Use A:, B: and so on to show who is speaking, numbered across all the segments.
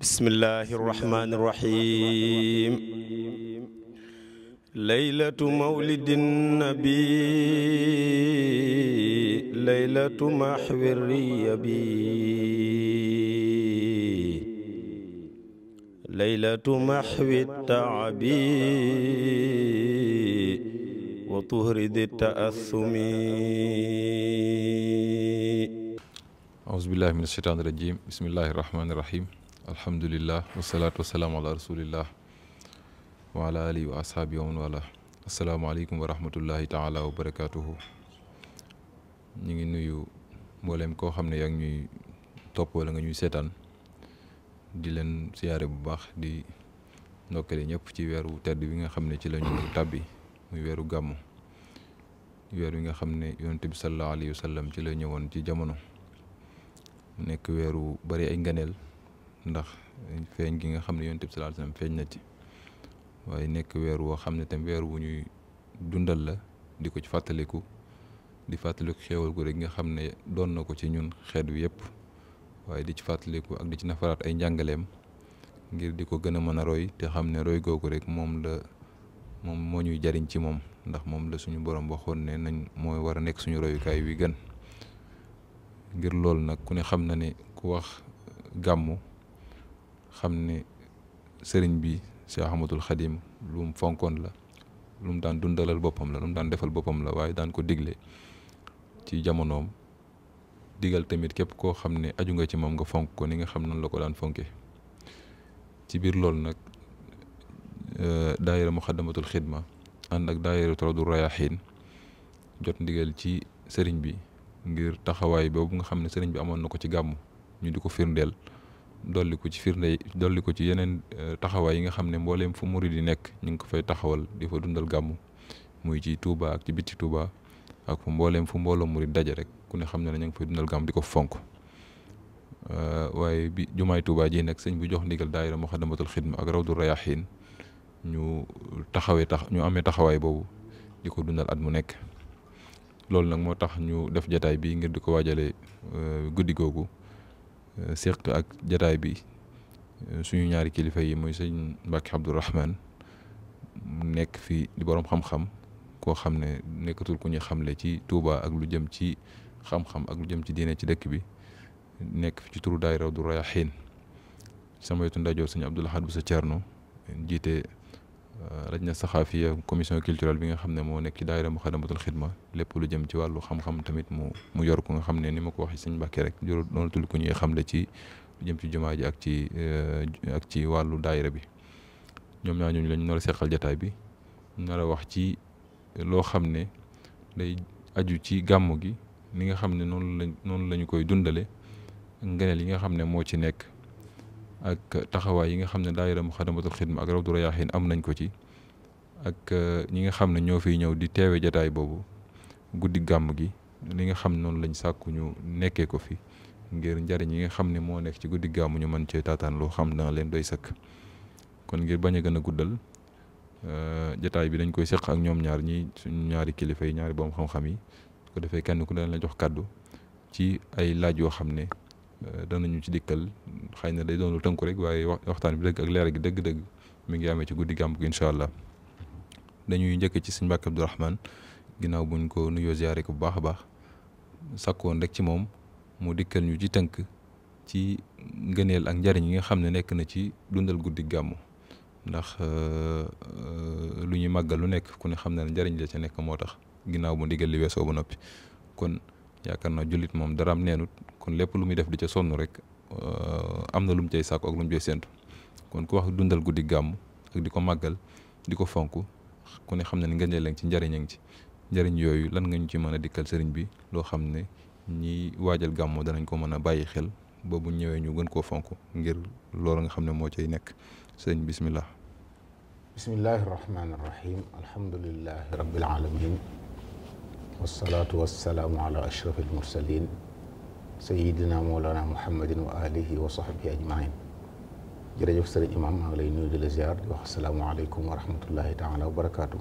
A: bismillahi irrahmani irrahim leylatu mawlidi nabi leylatu mahwi riyabi leylatu mahwi taabi wa tuhri di taassumi
B: aousubillahi min asheytaani irajim bismillahi irrahmani irrahim alhamdulilah wasalaatu wasalaam ala rasulillah wa ala alihi wa ashaabi wa man wala asalaamaaleykum wa rahmatullahi wa barakaatuhu ñu ngi nuyu mboolem koo xam ne yaa ngi ñuy topp wala nga ñuy seetaan di leen siyaare bu baax di ndokkale ñépp ci weeru tedd bi nga xam ne ci la ñu tàbbi muy weeru gàmmu weer wi nga xam ne yoon bi sallallahu alayhi wa sallam ci la ñëwoon ci jamono nekk weeru bari ay nganeel ndax feeñ gi nga xam ne yonent bi sallallahu alayhi feeñ na ci waaye nekk weer woo xam ne tam weer wu ñuy dundal la di ko ci fàttaliku di fàttaliku xewal gu rek nga xam ne doon na ko ci ñun xeet wi yëpp waaye di ci fàttaliku ak di ci nafaraat ay njàngaleem ngir di ko gën a mën a roy te xam ne roy googu rek moom la moom moo ñuy jariñ ci moom ndax moom la suñu borom waxoon ne nañ mooy wara nekk suñu royukaay wi gën ngir loolu nag ku ne xam na ne ku wax gàmmu xam ne sëriñ bi Cheikh Ahmadul Xadim lu mu fonkoon la lu mu daan dundalal boppam la lu daan defal boppam la waaye daan ko digle ci jamonoom digal tamit képp koo xam ne aju nga ci moom nga fonk ko ni nga xam nan la ko daan fonke ci biir loolu nag e, daayira muxaddamatul xidma ànd ak daayira torodu rayaxiin jot ndigal ci sëriñ bi ngir taxawaay boobu nga xam ne sëriñ bi amoon na ko ci gàmmu ñu di ko firndeel dolli ko ci firnde dolli ko ci yeneen eh, taxawaay yi nga xam ne mbooleem fu murid yi nekk ñu ngi ko fay taxawal di fa dundal gàmmu muy ci Touba ak ci ci Touba ak fu mbooleem fu mbooloo murid daje rek ku ne xam ne ñu ngi fay dundal gàmmu di ko fonk eh, waaye bi jumaay Touba ji nag sëñ bu jox ndigal daayira Muxaddamatul Xidma ak Rawdu Rayaahiin ñu taxawee tax ñu amee taxawaay boobu di ko dundal at mu nekk loolu nag moo tax ñu def jataay bi ngir di ko waajale eh, guddi googu Euh, seq ak jataay bi euh, suñu ñaari kilifa yi muy sëñ Mbacke Abdourahman nekk fi di borom xam-xam koo xam ne nekkatul ku ñu xamle ci Touba ak lu jëm ci xam-xam ak lu jëm ci diine ci dëkk bi nekk fi ci turu daayira Rawdu xiin sama yotu ndajoor sëñ Abdoul Ahad bu sa Cerno jiite. na saxaafi commission culturelle bi nga xam ne moo nekk ci daayira Muxaddamatul Xidma lépp lu jëm ci wàllu xam-xam tamit mu mu yor ko nga xam ne ni ma ko waxee sëñ Mbàkke rek jor noonu tul ku ñuy xam le ci lu jëm ci ak ci eh, ak ci wàllu daayira bi ñoom ñaa ñooñu lañ seqal jataay bi nar wax ci loo xam ne day aju ci gàmmu gi ni nga xam ne noonu lañ noonu la ñu koy dundale ngëneel yi nga xam ne moo ci nekk ak taxawaay yi nga xam ne daayira Muxaddamatul Xidma ak Rawdu Rayaaxiin am nañ ko ci ak euh, ñi nga xam ne ñoo fiy ñëw di teewe jataay boobu guddi gàmm gi li nga xam noonu lañ sàkku ñu nekkee ko fi ngir njariñ yi nga xam ne moo nekk ci guddi gàmm ñu man cee taataan loo xam dana leen doy sëkk kon ngir bañ a gën a guddal euh, jataay bi dañ koy seq ak ñoom ñaar ñi suñu ñaari kilifa yi ñaari boom xam-xam yi ko defee kenn ku dañ la jox kàddu ci ay laaj yoo xam ne Euh, ñu ci dikkal xëy na day doonu lu tënku rek waaye waxtaan bi dëgg ak leer gi dëgg-dëgg mi ngi amee ci guddi gàmmu gi incha allah dañuy njëkk ci sëñ Mbàkke Abdu Rahmaan ginnaaw buñ ko nuyoo ziyaare bu baax a baax sakkoon rek ci moom mu dikkal ñu ci tënk ci ngëneel ak njariñ yi nga xam ne nekk na ci dundal guddi gàmmu ndax euh, euh, lu ñuy màggal lu nekk ku ne xam ne njariñ la ca nekk moo tax ginnaaw bu ndigal li weesoo ba noppi yaakaar naa jullit moom am neenut kon lépp lu muy def di ca sonn rek euh, am na lu mu cay sàkku ak lu mu cay séntu kon ku wax dundal guddi gàmm ak di ko màggal di ko fonk ku ne xam ne ni nga njëlee ci njëriñ a ngi ci njëriñ yooyu lan nga ñu ci mën a dikkal sëriñ bi loo xam ne ñi waajal gàmmu danañ ko mën a bàyyi xel boobu ñëwee ñu gën koo fonk ngir loolu nga xam ne moo cay nekk sëriñ bismillah
C: bismillahi rahmaani rahim alhamdulillahi rabbil alamin wasalaatu wasalaamu ala ashraf almursalin sayidina moolana muhammadin wa alihi wa sahbihi ajmain jërëjëf sëriñ imam maa nuyu di la ziar di wax asalaamualeykum wa rahmatullahi taala wa barakaatu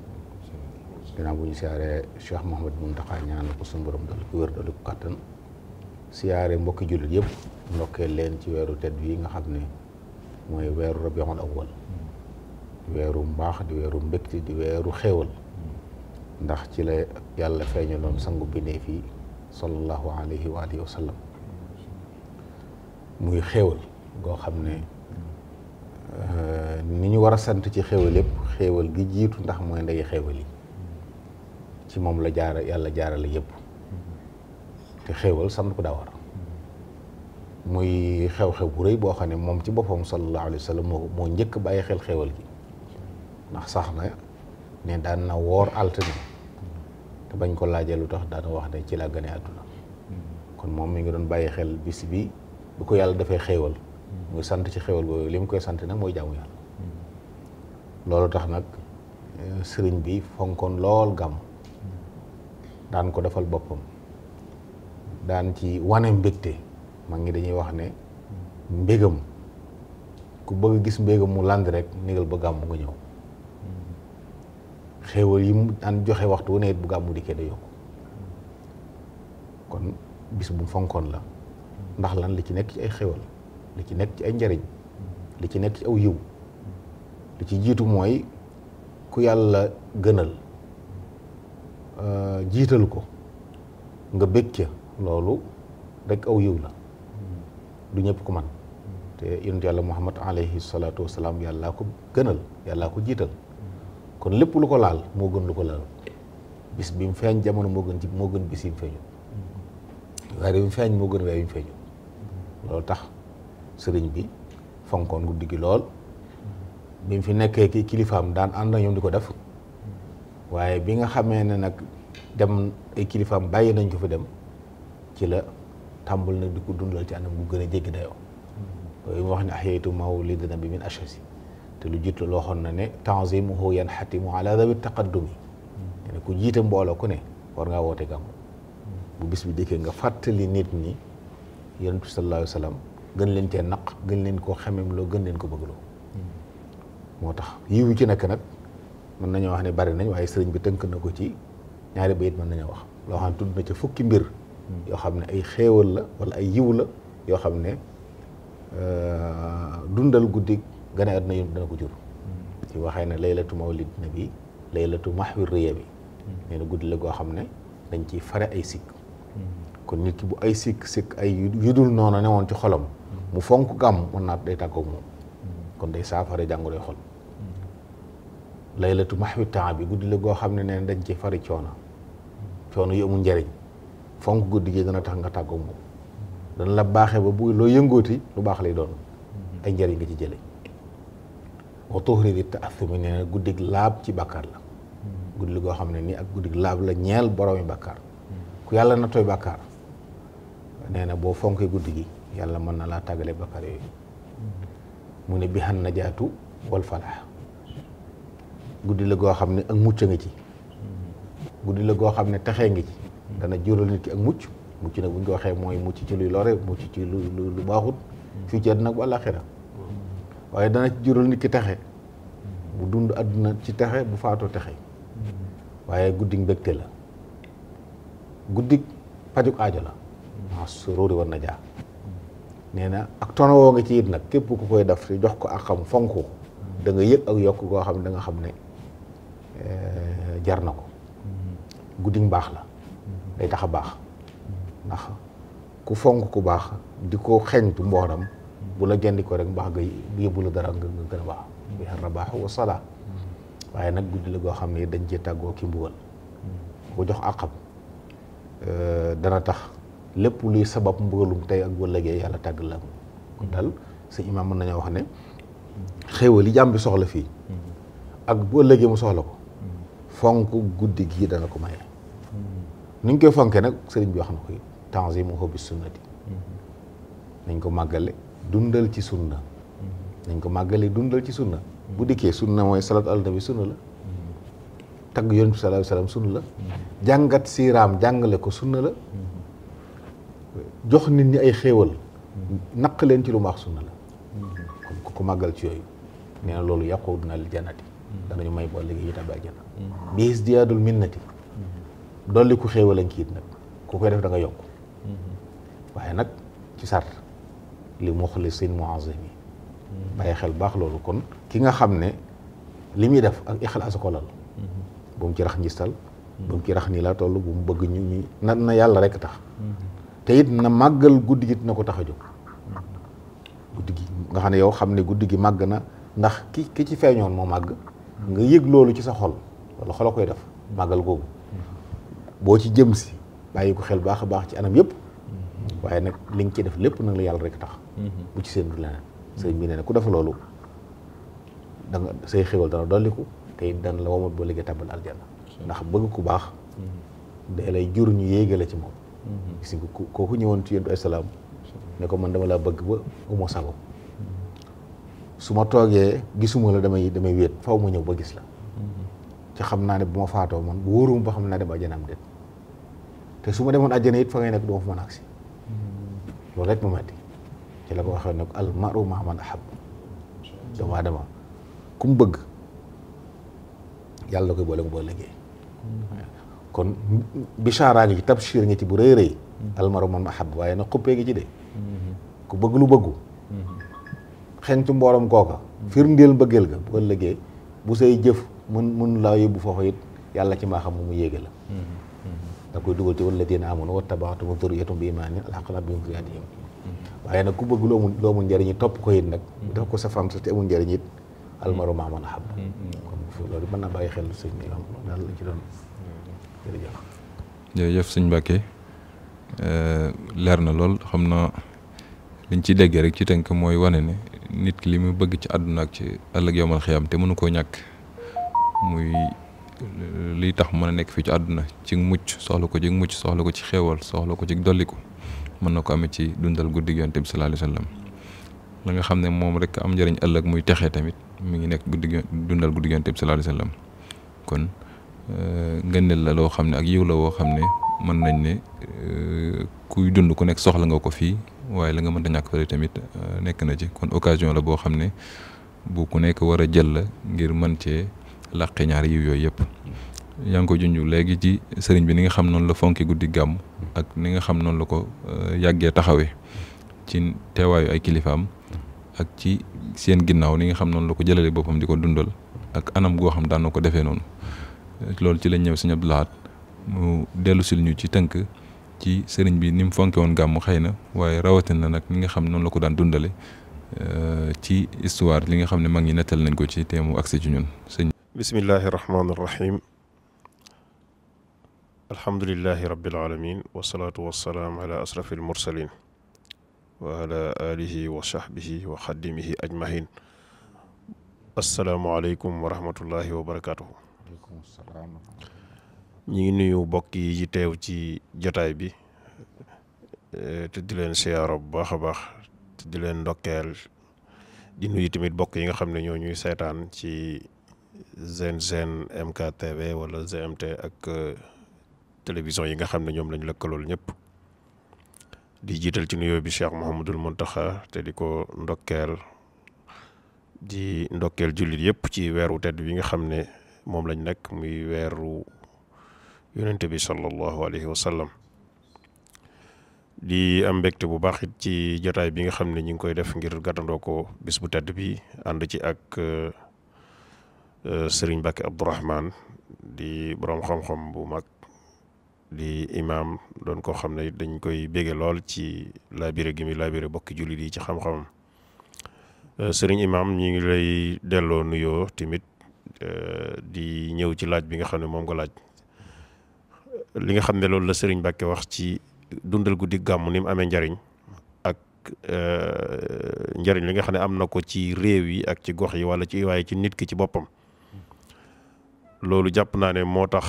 C: ginnaaw bu ñu siyaaree Cheikh Mouhamad Muntaxa ñaan ko suñu borom mbokki jullit yëpp ndokkee leen ci weeru tedd wi nga xam ne mooy weeru rabiul awwal di weeru mbaax di weeru mbégte di weeru xéewal ndax ci la yàlla feeñaloon sangu bindéef yi sallallahu alayhi wa alihi wa sallam muy xéewal goo xam ne euh, ni ñu war a sant ci xéewal yëpp xéewal gi jiitu ndax mooy ndey xéewal yi ci moom la jaara yàlla jaarale yëpp te xéewal sant ko daa war muy xew-xew bu rëy boo xam ne moom ci boppam sallallahu alayhi wa moo moo njëkk bàyyi xel xéewal gi ndax sax na ne daan na woor altine te bañ koo laajee lu tax daana wax ne ci laa gane àdduna kon moom mu ngi doon bàyyi xel bis bi bu ko yàlla dafay xéewal muy sant ci xéewal boobu li mu koy sant nag mooy jaamu yàlla loolu tax nag euh, sëriñ bi fonkoon lool gàmm daan ko defal boppam daan ci wane mbégte mag ngi dañuy wax ne mbégam ku bëgg gis mbégam mu lànd rek négal ba gàmm nga ñëw xéewal yi mu daan joxe waxtu wu am bu gàmmu dikkee da yokku kon bis bu fonkoon la ndax lan li ci nekk ci ay xéewal li ci nekk ci ay njariñ li ci nekk ci aw yiw li ci jiitu mooy ku yàlla gënal euh, jiital ko nga bég ca loolu rek aw yiw la du ñëpp ko man te yonent yàlla muhammad alayhi salaatu wasalaam yàllaa ko gënal yàllaa ko jiital kon lépp lu ko laal moo gën lu ko laal bis bi mu feeñ jamono moo gën ci moo gën bis yi mu feeñu weer bi mu feeñ moo gën weer bi mu feeñu loolu tax sëriñ bi fonkoon guddi digg lool bi mu fi nekkee ki kilifaam daan ànd ak di ko def waaye bi nga xamee ne nag dem ay kilifaam bàyyi nañ ko fi dem ci la tàmbal nag di ko dundal ci anam gu gën a jéggi dayoo yooyu mu wax ne ahyaytu mawlidan bi min ashasi te lu jiitu loo waxoon na ne tanzimuhu yanxatimu ala dawi taqaddumi ne ku jiite mbooloo ku ne war ngaa woote gàmmu bu bis bi dikkee nga fàttali nit ñi yonent bi sallallahu alayhi gën leen cee naq gën leen koo xamem loo gën leen ko bëgg loo moo tax yiwu ci nekk nag mën nañoo wax ne bari nañ waaye sëriñ bi tënk na ko ci ñaari bayit mën nañoo wax loo xam ne tudd na ci fukki mbir yoo xam ne ay xéewal la wala ay yiw la yoo xam ne euh, dundal guddi gane àdduna yu dana ko jur ci waxee ne laylatu mawlid nabi laylatu mahwi riya bi hmm. nee guddi la goo xam ne dañ ciy fare ay sikk hmm. kon nit ki bu ay sikk sikk ay yudul noonu newoon ci xolom hmm. mu fonk gam mën naa day tàggoog kon day saafara jàngoroy xol laylatu mahwi temps bi guddi la goo xam ne nee dañ ci fari coono coono yu amul njariñ fonk guddi gi dana tax nga tàggoog moom dana la baaxee ba bu loo yëngooti lu baax lay doon ay njariñ nga ci jële wa tuhri di taathumi nee na guddig laab ci bàkkaar la guddi li goo xam ne nii ak guddig laab la ñeel boroomi bàkkaar ku yàlla na tooy bàkkaar nee na boo fonkee guddi gi yàlla mën na laa tàggale bàkkaar yooyu bi xan najaatu wal falaax guddi la goo xam ne ak mucc a ngi ci guddi la goo xam ne texee ngi ci dana jural nit ki ak mucc mucc nag bu ñu ko waxee mooy mucc ci luy lore mucc ci lu lu baaxut fii ci àddina ak àllaaxira waaye dana ci jural nit ki texe bu dund àdduna ci texe bu faatoo texe waaye guddi mbégte la guddig pajuk aajo la maa na jaa nee na ak tono woo nga ci it nag képp ku koy def jox ko ak xam fonk da nga yëg ak yokk koo xam ne danga xam ne eh, jar na ko guddig baax la day tax a baax ndax ku fonk ku baax di ko xeñtu mbooram bu la ko rek mbaax nga yóbbu dara nga gën a baax bi baax wa salaa mm-hmm. waaye nag guddi la goo xam ne dañ cee tàggoo ki mbugal mm-hmm. ko jox àqam euh, dana tax lépp luy sabab mbugalum tey ak wëllëgee yàlla tàgg la kon mm-hmm. nañoo wax ne xéewal yi jàmm bi soxla fii ak mu soxla ko fonk guddi gii ko maye koy fonke nag sëriñ bi wax na ko tanzimu hubbi sunnati nañ ko màggale dundal ci sunna dañ ko màggalee dundal ci sunna bu dikkee sunna mooy salatu ala nabi sunna la tagg yonent bi sallallahu alayhi sunna la jàngat siiraam jàngale ko sunna la jox nit ñi ay xéewal naq leen ci lu baax sunna la kon ku ko màggal ci yooyu nee loolu yàqu na li jannati danañu may boo léegi itam ba àjjana biis diyaadul minnati dolli ku xéewal a ngi kiit nag ku koy def da nga yokk waaye nag ci sart li muxlisin muazimi bàyyi xel baax loolu kon ki nga xam ne li muy def ak ixlaas ko lal bu mu ci rax njistal bu mu ci rax nii laa toll bu mu bëgg ñu ñu na na yàlla rek tax te it na màggal guddi gi ko tax a jóg guddi gi nga xam ne yow xam ne guddi gi màgg na ndax ki ki ci feeñoon moo màgg nga yëg loolu ci sa xol wala xol a koy def màggal googu boo ci jëm si bàyyi ko xel baax a baax ci anam yëpp waaye nag li nga ci def lépp nag la yàlla rek tax bu ci séentu leneen sëriñ bi nee na ku def loolu da nga say xéwal dana dolliku te it dana la womat boo liggéey tàbbal aljanna ndax bëgg ku baax
D: mhm.
C: da lay jur ñu yéegale ci moom mhm. gis nga kooku ñëwoon ci yentu asalaam ne ko man dama bëgg ba uma sago mhm. su ma toogee gisuma la damay damay wéet faw ma ñëw ba gis la ci xam naa ne bu ma faatoo man bu wóorum ba xam naa dem àjjana am déet te su ma demoon àjjana it fa ngay nekk duma fa mën agsi loolu rek ma metti ci la ko waxee ne ko al maru maa man ahab doomu aadama ku mu bëgg yàlla la koy boole mu boole liggéey kon bichaaraa ngi ci tabshir ngi ci bu rëy rëy al man ahab waaye na xuppee ngi ci de ku bëgg lu bëggu xentu mbooram kooka firndeel mbëggeel ga bu ëllëgee bu say jëf mun mën laa yóbbu foofu it yàlla ci maa xam mu mu yéege la mm-hmm. Mm-hmm. da koy dugal ci walladiina aamanu wa tabaatuhum zurriyyatuhum bi imaanin alhaqnaa bihim zurriyyatahum waaye nag ku bëgg loo mun loo mun topp ko it nag. Mm-hmm. def ko sa fam sa te amul njëriñ it almaru maa mm-hmm. mën a xam. sëñ bi am
B: mm-hmm. euh, leer na lool xam na liñ ciy déggee rek ci tenk mooy wane ne nit ki li mu bëgg ci àdduna ak ci ëllëg yowmal xiyaam te mënu koo ñàkk muy. lii tax mën a nekk fii ci àdduna cig mucc soxla ko ci mucc soxla ko ci xéewal soxla ko ci ko mën na ko amee ci dundal guddi yonent bi sallallahu alayhi wa sallam la nga xam ne moom rek am njëriñ ëllëg muy texee tamit mi ngi nekk guddi dundal guddi yonent bi sallallahu alayhi kon euh, ngëneel la loo xam ne ak yiw la woo xam ne mën nañ ne euh, kuy dund ku nekk soxla nga ko fii waaye la nga mënta ñàkk fële tamit euh, nekk na ci kon occasion la boo xam ne bu ku nekk war a jël la ngir mën cee làqe ñaar yiw yooyu yëpp yaa ngi ko léegi ci sëriñ bi ni nga xam noonu la fonki guddi gàmm ak ni nga xam noonu la ko euh, yàggee taxawee ci teewaayu ay kilifaam ak ci seen ginnaaw ni nga xam noonu la ko jëlale boppam di ko dundal ak anam goo xam daan na ko defee noonu loolu ci lañ ñëw sëñ Abdou laat mu dellu sil ñu ci tënk ci sëriñ bi ni mu fonke woon gàmm xëy na waaye na nag ni nga xam noonu la ko daan dundale euh, ci histoire li nga xam ne mag ñi nettal nañ ko ci teemu agsi ci ñun sëñ bismillahi rahmaani rahim
A: alhamdulilahi rabbil alamin wasalaatu wasalaam ala asrafi almursalin wa ala alihi wa sahbihi ajmahin asalaamualeykum wa rahmatullahi wa barakatuhu ngi nuyu mbokk yi ci teew ci jotaay bi eh, te di leen siyaaro bu baax a baax te di leen ndokkeel di nuyu tamit mbokk yi nga xam ne ñoo ñuy seetaan ci Zen Zen MKTV wala GMT ak eh, télévision yi nga xam ne ñoom lañu lëkkalool ñëpp di jiital ci nuyoo bi Cheikh Mouhamadul Mountakha te di ko ndokkeel di ndokkeel jullit yépp ci weeru tedd bi nga xam ne moom lañ nekk muy weeru yonente bi sallallahu alayhi wa di am mbégte bu baaxit ci jotaay bi nga xam ne ñu ngi koy def ngir gàttandoo ko bis bu tedd bi ànd ci ak euh, Serigne Bakke Abdourahman di borom xam-xam bu mag di imaam doon koo xam ne dañ koy bége lool ci labiré gi mi labiré bokki jullit yi ci xam-xamam euh, sëriñ imaam ñi ngi lay delloo nuyoo tamit euh, di ñëw ci laaj bi nga xam ne moom nga laaj li nga xam ne loolu la sëriñ Mbàkke wax ci dundal guddi gàmm ni mu amee njariñ ak euh, njariñ li nga xam ne am na ko ci réew yi ak ci gox yi wala ci waaye ci nit ki ci boppam loolu jàpp naa ne moo tax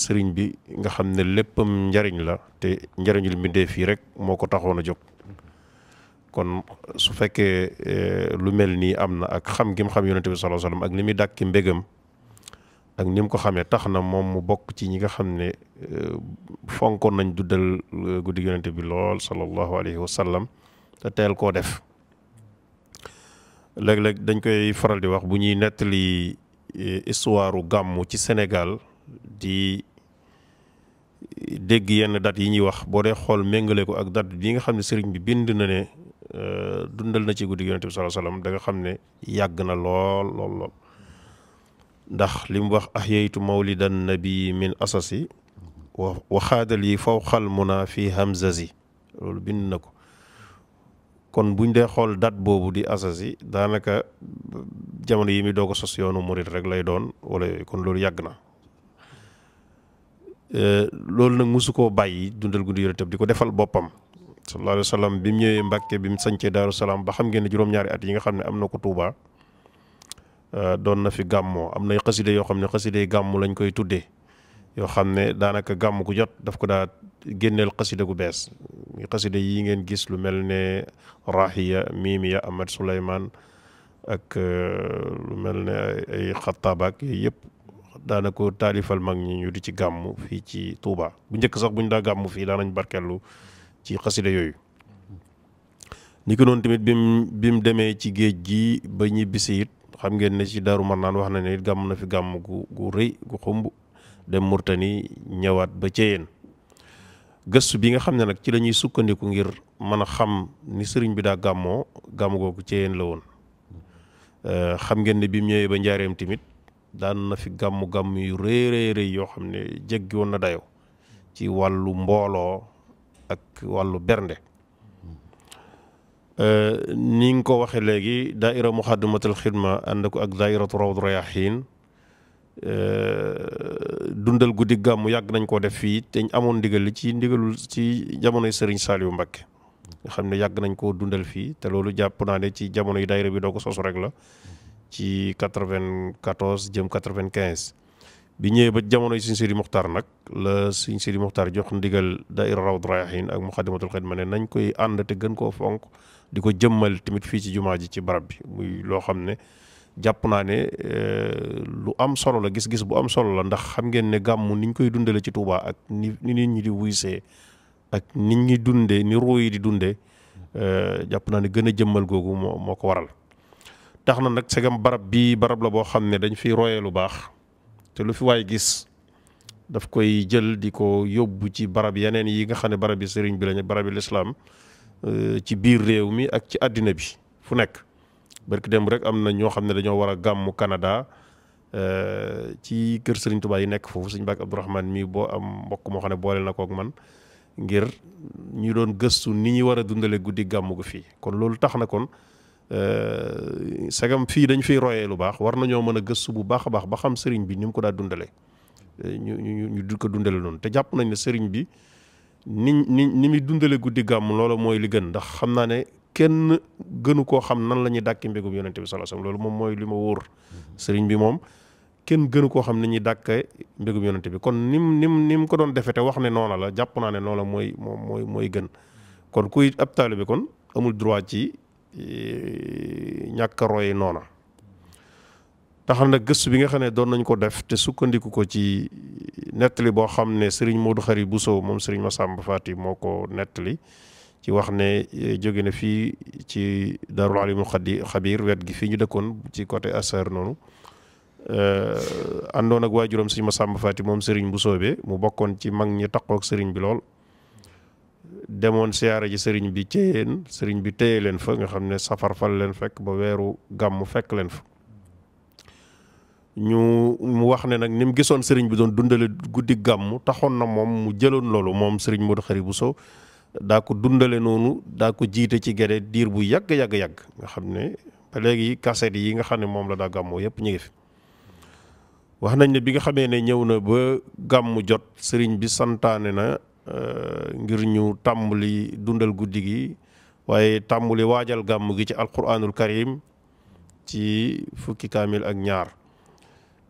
A: sëriñ bi nga xam ne léppam njariñ la te njariñul mbindeef fii rek moo ko taxoon a jóg kon su fekkee eh, lu mel nii am na ak xam gim xam yonente bi sallallahu alayhi wasallam ak ni muy dàkki mbégam ak ni mu ko xamee tax na moom mu bokk ci ñi nga xam ne eh, fonkoon nañ duddal eh, guddi yonente bi lool sallallahu alayhi wasallam te teel koo def léeg-léeg dañ koy faral di wax bu ñuy nettali Eh, histoire gàmmu ci Sénégal di dégg yenn date yi ñuy wax boo dee xool méngale ko ak date bi nga xam ne sëriñ bi bind na ne euh, dundal na ci guddi yonent bi sallallahu alayhi wasallam xam ne yàgg na lool lool lool ndax li mu wax ahyaytu mawlidan nabi min asasi wa waxaadal yi fawqal muna fi hamzazi loolu bind na ko kon bu ñu dee xool date boobu di assasi daanaka jamono yi mi doo ko sos yoonu murit rek lay doon wala yooyu kon loolu yàgg na eh, loolu nag mosu koo bàyyi dundal guddi yore tëb di ko defal boppam sallallahu alayhi wa sallam bi mu ñëwee Mbàkke bi mu sañcee Daaru Salaam ba xam ngeen ne juróom-ñaari at yi nga xam ne am na ko Tuuba eh, doon na fi gàmmoo am nay xaside yoo xam ne xaside gàmmu lañ koy tuddee yoo xam ne daanaka gàmm gu jot daf ko daa génneel xasida gu bees xasida yi ngeen gis lu mel ne rahiya miimiya Ahmed Souleymane ak euh, lu mel ne ay xattabaak yépp yëpp daana ko taalifal mag ñi ñu di ci gàmm fii ci tuuba bu njëkk sax bu ñu daa gàmm fii daanañ barkeelu ci xasida yooyu ni ko noonu tamit bim bi mu demee ci géej gi ba ñibbisi it xam ngeen ne ci Daaru Marnaan wax na ne gàmm na fi gàmm gu rëy gu xumb dem Murtani ñëwaat ba Ceyeen gëstu bi nga xam ne nag ci lañuy sukkandiku ngir mën a xam ni sëriñ bi daa gàmmoo gàmm googu Ceyeen la woon euh, xam ngeen ne bi mu ba njaareem tamit daan na fi gàmmu gàmm yu rëy rëy yoo xam ne jéggi woon na dayoo ci wàllu mbooloo ak wàllu bernde euh, ni nga ko waxee léegi daaira muxaddamatul xidma ànd ko ak daairatu rawdu rayaxiin Euh, dundal guddi gàmmu yàgg nañ koo def fii te amoon ndigal li ci ndigalul ci jamonoy Serigne Saliou Mbacké nga xam ne yàgg nañ ko dundal fii te loolu jàpp naa ne ci jamono yi daayira bi doo ko sosu rek la ci 94 jëm 95. bi ñëwee ba jamonoy Serigne Sidi Mokhtar nag la Serigne Sidi Mokhtar jox ndigal daayira Rawdu Rayaahiin ak Muxaddamatul Xidma ne nañ koy ànd te gën koo fonk di ko jëmmal tamit fii ci jumaa ji ci barab bi muy loo xam ne. jàpp naa ne euh, lu am solo la gis-gis bu am solo la ndax xam ngeen ne gàmmu niñ koy dundale ci Touba ak ni ni nit ñi di wuysee ak nit ñi dunde ni ruu yi di dunde euh, jàpp naa ne gën a jëmmal googu moo ko waral tax na nag segam barab bii barab la boo xam ne dañ fiy royee lu baax te lu fi waay gis daf koy jël di ko yóbbu ci barab yeneen yi nga xam ne barab sëriñ bi lañu barabi yi lislaam euh, ci biir réew mi ak ci àddina bi fu nekk barki démb rek am na ñoo xam ne dañoo war a gàmmu Canada euh, ci kër sëriñ Touba yi nekk foofu Serigne Mbacke Abdourahmane mii boo am mbokk moo xam ne boole na kook man ngir ñu doon gëstu ni ñuy war a dundale guddi gàmmu gu fii kon loolu tax na kon euh, sagam fii dañ fi royee lu baax war nañoo mën a gëstu bu baax a baax ba xam sëriñ bi ni mu ko daa dundale ñu ñu ñu du ko dundale noonu te jàpp nañ ne sëriñ bi ni ni ni muy dundale guddi gàmm loola mooy li gën ndax xam naa ne kenn gënu koo xam nan la ñuy dàkki mbégum yonente bi sallallahu alayhi wasallam loolu moom mooy li ma wóor mhm. sëriñ bi moom kenn gënu koo xam ni ñuy dàkke mbégum yonente bi kon nim nim ni mu ko doon defe te wax ne noona la jàpp naa ne noona la mooy moom mooy mooy gën kon kuy ab taalibe kon amul droit ci eh, ñàkk a roy noona taxal nag gëstu bi nga xam ne doon nañ ko def te sukkandiku ko ci nettali boo xam ne sëriñ moo Modou bu Bousso moom sëriñ Massamba Fati moo ko nettali ci wax ne eh, jóge na fii ci Darul Alimul Xadi Xabiir wet gi fii ñu dëkkoon ci côté Assar noonu eh, àndoon ak waajuram sëñ Masamba Faati moom sëriñ bu soobee mu bokkoon ci mag ñi taqoog sëriñ bi lool demoon siyaara ji sëriñ bi téyeen sëriñ bi téye leen fa nga xam ne safar fal leen fekk ba weeru gàmmu fekk leen fa ñu mu wax ne nag ni mu gisoon sëriñ bi doon dundale guddi gàmmu taxoon na moom mu jëloon loolu moom sëriñ Modou bu Bousso daa ko dundale noonu daa ko jiite ci gere diir bu yàgg yàgg yàgg nga xam ne ba léegi kaset yi nga xam ne moom la daa gàmmoo yëpp ñu ngi fi. wax nañ ne bi nga xamee ne ñëw na ba gàmmu jot sëriñ bi santaane na euh, ngir ñu tàmbali dundal guddi gi waaye tàmbali waajal gàmm gi ci alquranul karim ci fukki kaamil ak ñaar.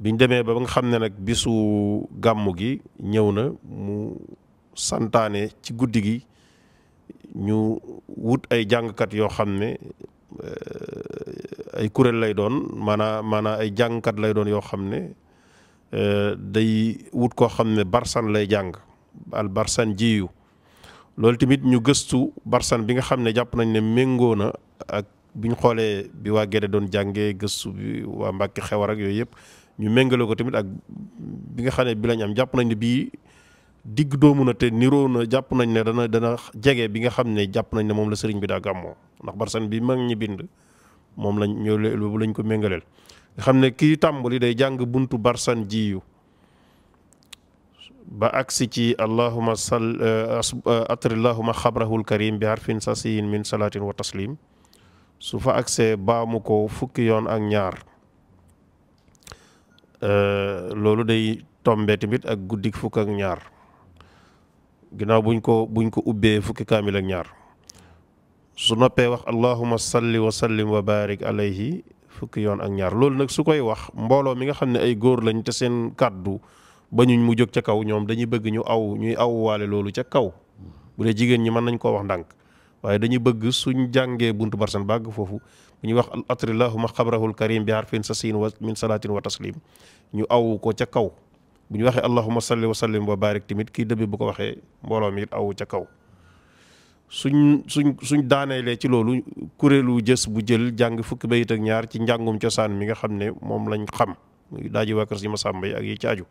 A: biñ demee ba nga xam ne nag bisu gàmm gi ñëw na mu santaane ci guddi gi ñu wut ay jàngkat yoo xam ne eh, ay kuréel lay doon maanaa maanaa ay jàngkat lay doon yoo xam ne eh, day wut koo xam ne barsan lay jàng al barsan jiyu loolu tamit ñu gëstu barsan bi nga xam ne jàpp nañ ne méngoo na ak bi ñu xoolee bi waa Gede doon jàngee gëstu waa Mbàkke xewar ak yooyu yëpp ñu méngale ko tamit ak bi nga xam ne bi lañ am jàpp nañ ne bii digg doomu na te niroo na jàpp nañ ne dana dana jege bi nga xam ne jàpp nañ ne moom la sëriñ bi daa gàmmoo ndax barsan bi mag ñi bind moom lañ ñoo lañ ko méngaleel nga xam ne kii tàmbali day jàng buntu barsan jiyu ba agsi ci allahuma sal eh, eh, atri allahuma xabrahul karim bi harfin sasiyin min salatin wa taslim su fa baamu ko fukki yoon ak ñaar eh, loolu day tombe tamit ak guddik fukk ak ñaar ginnaaw buñ ko buñ ko ubbee fukki kaamil ak ñaar su noppee wax allahuma salli wa sallim wa barik alayhi fukki yoon ak ñaar loolu nag su koy wax mbooloo mi nga xam ne ay góor lañ te seen kàddu ba ñu mu jóg ca kaw ñoom dañuy bëgg ñu aw ñuy awwaale loolu ca kaw bu dee jigéen ñi mën nañ koo wax ndànk waaye dañuy bëgg suñ jàngee buntu barsan bàgg foofu bu ñuy wax atrillahuma xabrahul karim bi harfin sasin wa min salatin wa taslim ñu aw ko ca kaw bu ñu waxee allahuma salli wa sallim wa barik tamit kii dëbbi bu ko waxee mbooloo mi it aw ca kaw suñ suñ suñ daaneelee ci loolu kuréelu jës bu jël jàng fukki bayit ak ñaar ci njàngum cosaan mi nga xam ne moom lañ xam daaji waa kër si Masamba yi ak yi ci aju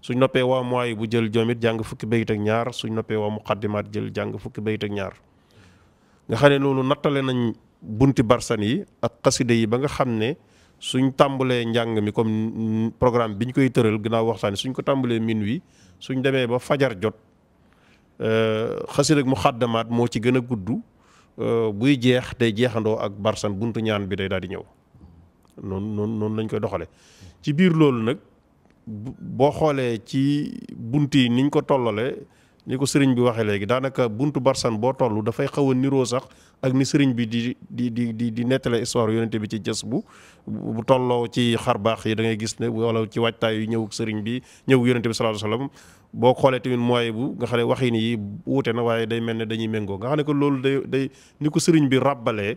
A: suñ noppee waa mooy bu jël joom jàng fukki bayit ak ñaar suñ noppee waa muqaddimaat jël jàng fukki bayit ak ñaar nga xam ne loolu nattale nañ bunti barsan yi ak xaside yi ba nga xam ne suñ tàmbalee njàng mi comme programme bi ñu koy tëral ginnaaw waxtaan suñ ko tàmbalee wi suñ demee ba fajar jot euh, xasida ak mu xàddamaat moo ci gën a gudd euh, buy jeex day jeexandoo ak barsan buntu ñaan bi day daal di ñëw noonu noonu noonu lañ koy doxale ci biir loolu nag boo xoolee ci bunt yi niñ ko tollale ni ko sëriñ bi waxee léegi daanaka buntu barsan boo tollu dafay xaw a niroo sax ak ni sëriñ bi di di di di di nettale histoire yonente bi ci jës bu bu tolloo ci xar baax yi da ngay gis ne wala ci waajtaay yu ñëw sëriñ bi ñëw yonente bi sallallahu alayhi boo xoolee tamit mooy bu nga xam ne waxin yi wuute na waaye day mel ne dañuy méngoo nga xam ne que loolu day day ni ko sëriñ bi ràbbalee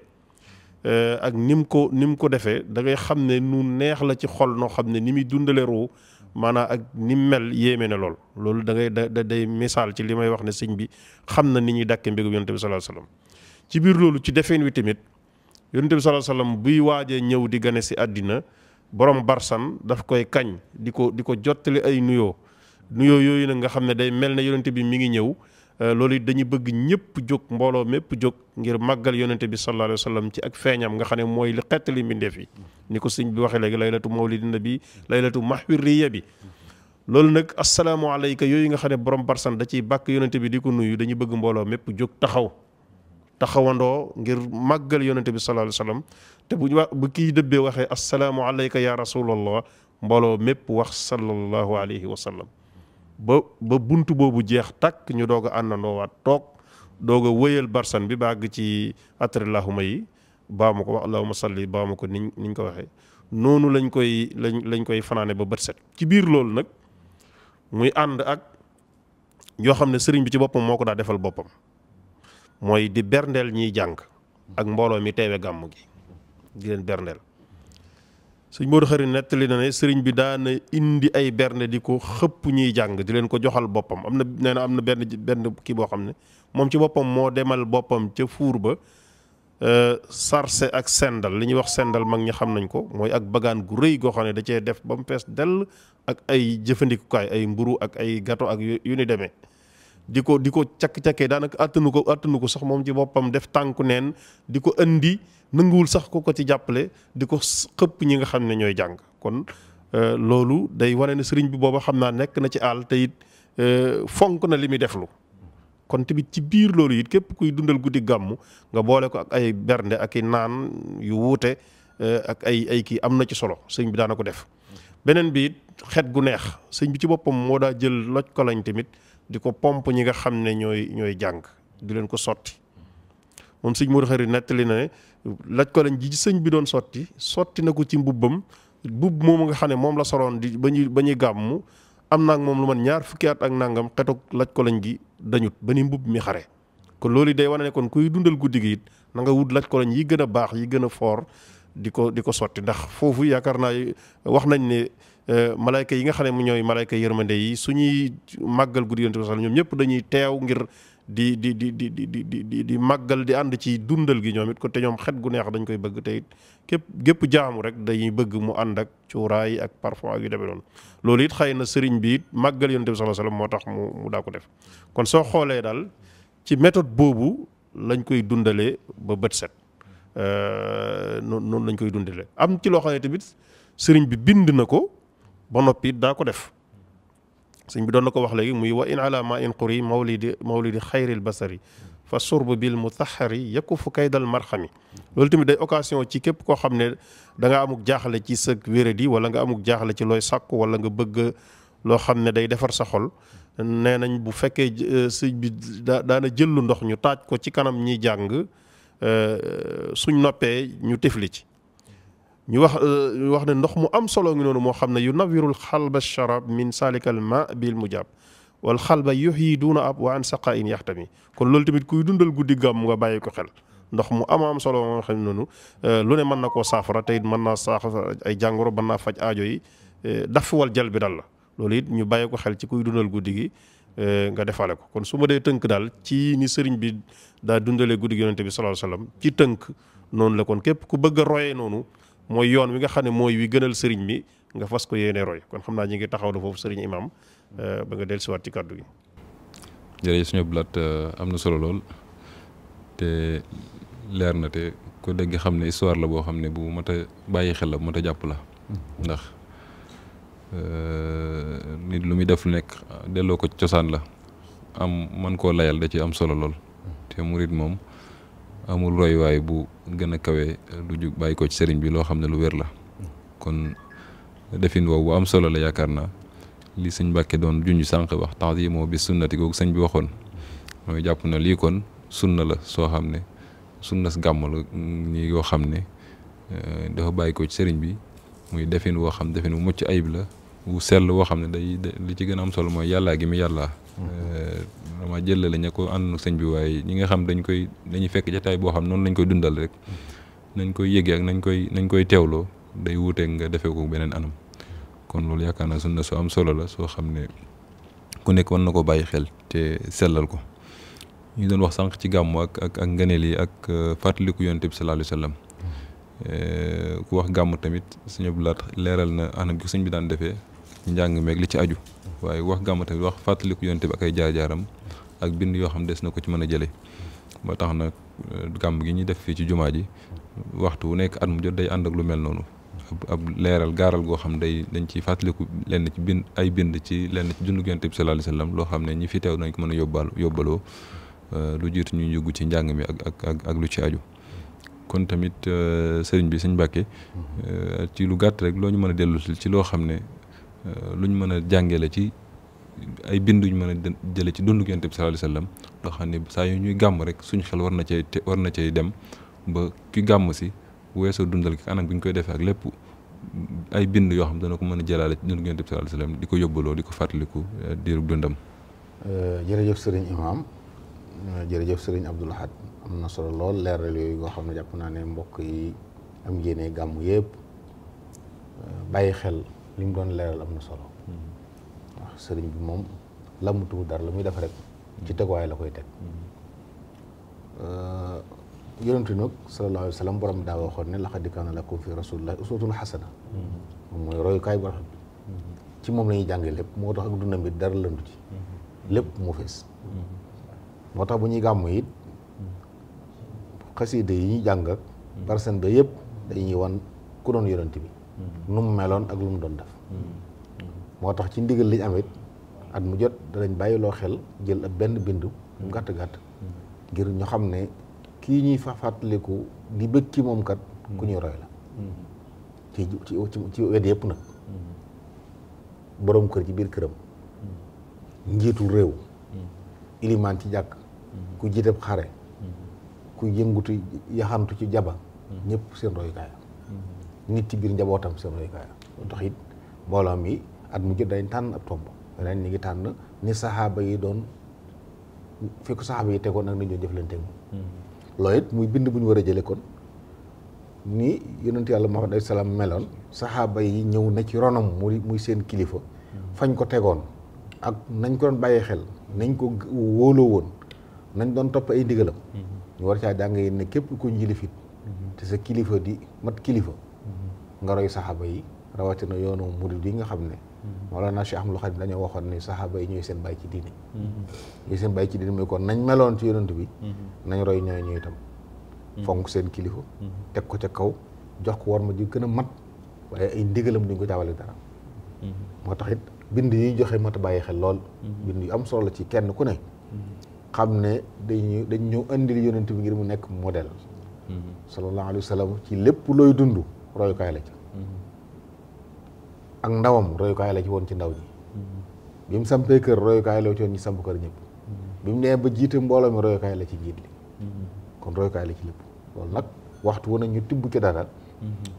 A: euh, ak ni ko ni mu ko defee da xam ne nu neex la ci xol noo xam ne ni muy dundalee roo maanaam ak ni mel yéeme na lool loolu da ngay da day misaal ci li may wax ne sëñ bi xam na ni ñuy dàkkee mbégum yonent bi sallallahu alayhi ci biir loolu ci defeen wi tamit yonent bi sallallahu alayhi wasallam buy waajee ñëw di gane si àddina borom barsan daf koy kañ di ko di ko jottali ay nuyoo nuyoo yooyu nag nga xam ne day mel ne yonent bi mi ngi ñëw Euh, loolu it dañu bëgg ñëpp jóg mbooloo mépp jóg ngir màggal yonente bi sallallahu alayhi ci ak feeñam nga xam ne mooy li xettali mbindeef yi ni ko sëñ bi waxee léegi laylatu mawlidi nabi laylatu mahwirriya bi loolu nag assalaamu alayka yooyu nga xam ne borom barsan da ciy bàkk yonente bi di ko nuyu dañu bëgg mbooloo mépp jóg taxaw taxawandoo ngir màggal yonente bi sallallahu alayhi te bu ñu wax bu kii dëbbee waxee assalaamu alayka ya rasulallah mbooloo mépp wax sallallahu alayhi wa sallam ba ba bunt boobu jeex takk ñu doog a àndandoowaat toog doog a wëyal barsan bi bàgg ci atri lahuma yi baa ko wax allahuma salli baa ko niñ niñ ko waxee noonu lañ koy lañ lañ koy fanaane ba bët set ci biir loolu nag muy ànd ak yoo xam ne sëriñ bi ci boppam moo ko daa defal boppam mooy di berndeel ñiy jàng ak mbooloo mi teewe gàmm gi di leen berndeel sëñ Modou Khari nettali na ne sëriñ bi daana indi ay berne di ko xëpp ñuy jàng di leen ko joxal boppam am na nee na am na benn benn kii boo xam ne moom ci boppam moo demal boppam ca fuur ba euh, sarse ak sendal li ñuy wax sendal mag ñi xam nañ ko mooy ak bagaan gu rëy goo xam ne da cee def ba mu fees dell ak ay jëfandikukaay ay mburu ak ay gato ak yu ni demee di ko di ko cakk-cakkee daanaka attanu ko attanu ko sax moom ci boppam def tànku neen di ko indi nanguwul sax ko ko ci jàppale di ko xëpp ñi nga xam ne ñooy jàng kon euh, loolu day wane ne sëriñ bi booba xam naa nekk na ci àll te it euh, fonk na li muy deflu kon tamit ci biir loolu yit képp kuy dundal guddi gàmmu nga boole ko ak ay bernde ak i naan yu wuute euh, ak ay ay kii am na ci solo sëriñ bi daana ko def beneen bi it xet gu neex sëñ bi ci boppam moo daa jël loj ko lañ tamit di ko pomp ñi nga xam ne ñooy ñooy jàng di leen ko sotti moom sëñ Mourou Khary nettali na laj ko lañ ji ci sëñ bi doon sotti sotti na ko ci mbubbam mbubb moom nga xam ne moom la soloon di ba ñuy ba ñuy gàmmu am naag moom lu man ñaar fukki at ak nangam xetuk laj ko lañ gi dañut ba ni mbubb mi xare kon loolu day wane ne kon kuy dundal guddi gi it na wut laj ko lañ yi gën a baax yi gën a foor di ko di ko sotti ndax foofu yaakaar naa wax nañ ne euh, malayka yi nga xam ne mu ñooy malayka yërmande yi suñuy màggal guddi yonent bi ñoom ñëpp dañuy teew ngir di di di di di di di màggal di ànd ci dundal gi ñoom it ko te ñoom xet gu neex dañ koy bëgg te it képp gépp jaamu rek dañuy bëgg mu ànd ak cuuraay ak parfum ak yu demee noonu loolu it xëy na sëriñ bi it màggal yonent bi sallallahu moo tax daa ko def kon soo xoolee daal ci méthode boobu lañ koy dundalee ba bët set euh, noonu noonu lañ koy dundalee am ci loo xam tamit sëriñ bi bind na ko ba noppi daa ko def sëñ bi doon na ko wax léegi muy wa in ala ma in quri mawlidi mawlidi xayril basari fa surb bil mutaxari yëkku fu kaydal marxami loolu tamit day occasion ci képp koo xam ne danga nga amuk jaaxle ci sa wéradi wala nga amuk jaaxale ci looy sàkku wala nga bëgg loo xam ne day defar sa xol nee nañ bu fekkee euh, sëñ bi daana jëllu ndox ñu taaj ko ci kanam ñiy jàng euh, suñ noppee ñu tifli ci ñu wax euh, ñu wax ne ndox mu am solo ngi noonu moo xam ne yu nawirul xalba sharab min salikal ma bil mujab wal xalba yuhyi duuna ab wa an saqa in yaxtami kon loolu tamit kuy dundal guddi gàmm nga bàyyi ko xel ndox mu am am solo moo xam noonu euh, lu ne mën na koo saafara te it mën naa saafara ay jàngoro mën naa faj aajo yi euh, dafuwal jal bi dal la loolu it ñu bàyyi ko xel ci kuy dundal guddi gi nga defale ko kon su ma dee tënk daal ci ni sëriñ bi daa dundalee guddi gi yonente bi sallallahu alayhi wasallam ci tënk noonu la kon képp ku bëgg a royee noonu mooy yoon wi nga xam ne mooy wi gënal sëriñ bi nga fas ko yéene roy kon xam naa ñu ngi taxaw la foofu sëriñ imam euh, ba nga dellusiwaat ci kàddu gi.
B: jërëjëf suñu bulaat euh, am na solo lool te leer na te ko dégg xam ne histoire la boo xam ne bu mat a bàyyi xel la bu mat a jàpp la ndax euh, nit lu muy def lu nekk delloo ko cosaan la am man koo layal da ci am solo lool te murit moom. amul royuwaay bu gën a kawe lu jug bàyyi ko ci sëriñ bi loo xam ne lu wér la kon defin woowu am solo la yaakaar naa li sëñ Mbàkke doon junj sànq wax temps yi moo bi sunnati googu sëñ bi waxoon mooy jàpp na lii kon sunna la soo xam ne sunnas gàmm la ñi yoo xam ne eh, dafa bàyyi ko ci sëriñ bi muy defin woo xam defin bu mucc ayib la wu sell woo xam ne day li ci gën a am solo mooy yàllaa gi mi yàllaa mm-hmm. eh, dama jëlale ña ko àndoon ak sëñ bi waaye ñi nga xam dañ koy dañuy fekk jataay boo xam noonu lañ koy dundal rek nañ koy yëgee ak nañ koy nañ koy teewloo day wuuteeg nga defee ko beneen anam kon loolu yaakaar na naa sunna su am solo la soo xam ne ku nekk war na ko bàyyi xel te sellal ko ñu doon wax sànq ci gàmmu ak ak ak ngëneel yi ak euh, fàttaliku yonent bi sallallahu alayhi wa sallam euh, ku wax gàmmu tamit sëñ Abdou leeral na anam gi sëñ bi daan defee njàng meeg li ci aju waaye wax gàmmu tamit wax fàttaliku yoonte bi ak ay jaar-jaaram ak bind yoo xam des na ko ci mën a jëlee ba tax nag euh, gàmm gi ñuy def fii ci jumaa ji waxtu wu nekk at mu jot day ànd ak lu mel noonu ab leeral gaaral goo xam day dañ ciy fàttaliku lenn ci bind ay bind ci lenn ci dund Yonent bi sallallaahu alayhi wa loo xam ne ñi fi teew nañ ko mën a yóbbaal yóbbaloo euh, lu jiitu ñu yëggu ci njàng mi ak ak ak lu ci aju kon tamit euh, sëriñ bi sëñ Mbàkke mm-hmm. ci lu gàtt rek loo ñu mën a dellusi ci loo xam ne luñ mën a jàngee ci ay bind yu mën a jële ci dundu Yonent bi sallallahu alayhi wasallam loo xam ne saa yu ñuy gàmm rek suñu xel war na cay war na cay dem ba ki gàmm si weesoo dundal ki anam bi ñu koy defee ak lépp ay bind yoo xam dana ko mën a jëlaale ci dundu Yonent bi sallallahu alayhi wasallam di ko yóbbaloo di ko fàttaliku eh, diirub dundam.
C: Euh, jërëjëf sëriñ Imaam euh, jërëjëf sëriñ Abdou Lahad am na solo lool leeral yooyu yoo xam ne jàpp naa ne mbokk yi am yéene gàmm yëpp euh, bàyyi xel li mu doon leeral am na solo. sëriñ bi moom lammutuwu dara la muy def rek ci teguwaay la koy teg mm-hmm. yonentu nag sallallahu alayhi wa sallam borom daa waxoon ne laqad kaana lakum fi rasulillahi uswatun xasana mm-hmm. moom mooy royukaay bu mm-hmm. ci moom lañuy ñuy jàngee lépp moo tax ak dundam bi dara lëndu ci lépp mu fees moo tax bu ñuy gàmm it xasida yi ñuy jàng ak barsen ba yëpp dañuy wan ku doon yonent bi nu mu meloon ak lu mu doon def moo tax ci ndigal liñ am it at mu jot danañ bàyyi loo xel jël ab benn bindu. mu gàtt gàtt. ngir ñu xam ne kii ñuy fa fàttaliku di bëgg ci moom kat ku ñuy roy la. ci wet yëpp nag. boroom kër ci biir këram. njiitul réew. ilimaan ci jàkk. ku jiiteb xare. ku yëngutu yaxantu ci jaba. ñëpp seen royukaay nit ci biir njabootam seen royukaay tax it mbooloo mi. at mu jot dañ tànn ab tomb ren ñu ngi tànn ni saxaaba yi doon fi ko yi tegoon ak ni ñoo jëflante
D: hmm.
C: muy bind bu ñu war a jële kon ni yonent yàlla Muhammad alayhi salaam meloon saxaaba yi ñëw na ci ronam muy muy seen kilifa hmm. fañ ko tegoon ak nañ ko doon bàyyi xel nañ ko wóoloo woon nañ doon topp ay ndigalam hmm. ñu war caa jàng yi ne képp ku njilifit te sa kilifa di mat kilifa nga roy saxaaba yi rawatina yoonu murid yi nga xam ne Mawlana Cheikh Ahmadou Khadim dañoo waxoon ni saxaaba yi ñooy seen bàyyi ci diine mm-hmm. ñooy seen bàyyi ci diine mooy kon nañ meloon ci yonent bi
D: mm-hmm.
C: nañ roy ñooy ñuy tam mm-hmm. fonk seen kilifa teg ko ca kaw jox ko war ma di gën a mat waaye ay ndigalam duñ ko jaawale dara moo tax it bind yi joxe mat bàyyi xel lool bind yu am solo la ci kenn ku ne xam ne dañu dañ ñëw indil yonent bi ngir mu nekk modèle sallallahu alayhi wa sallam ci lépp looy dund royukaay la ca ak ndawam royukaay la ci woon ci ndaw ñi bi mu sampee kër royukaay la ci woon ñu samp kër ñëpp bi mu nee ba jiite mbooloo mi royukaay la ci jiit li kon royukaay la ci lépp loolu nag waxtu wu ne ñu tibb ci dara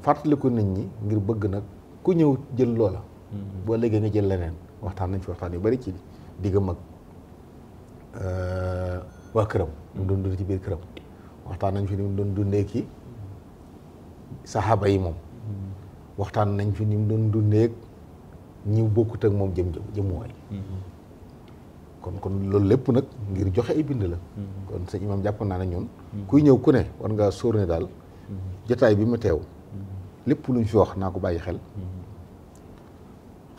C: fàttaliku nit ñi ngir bëgg nag ku ñëw jël loola boo léegi nga jël leneen waxtaan nañ fi waxtaan yu bari ci digg mag euh, waa këram mu doon dund ci biir këram waxtaan nañ fi ni mu doon dundee ki saxaaba yi moom waxtaan nañ fi ni mu doon dundeeg ñi bokkut ak moom jëm jëm waay mm-hmm. kon kon loolu lépp nag ngir joxe ay bind la mm-hmm. kon sëñ imam jàpp naa ne ñun mm-hmm. kuy ñëw ku ne war ngaa sóor ne daal jataay bi ma teew lépp luñ fi wax naa ko bàyyi xel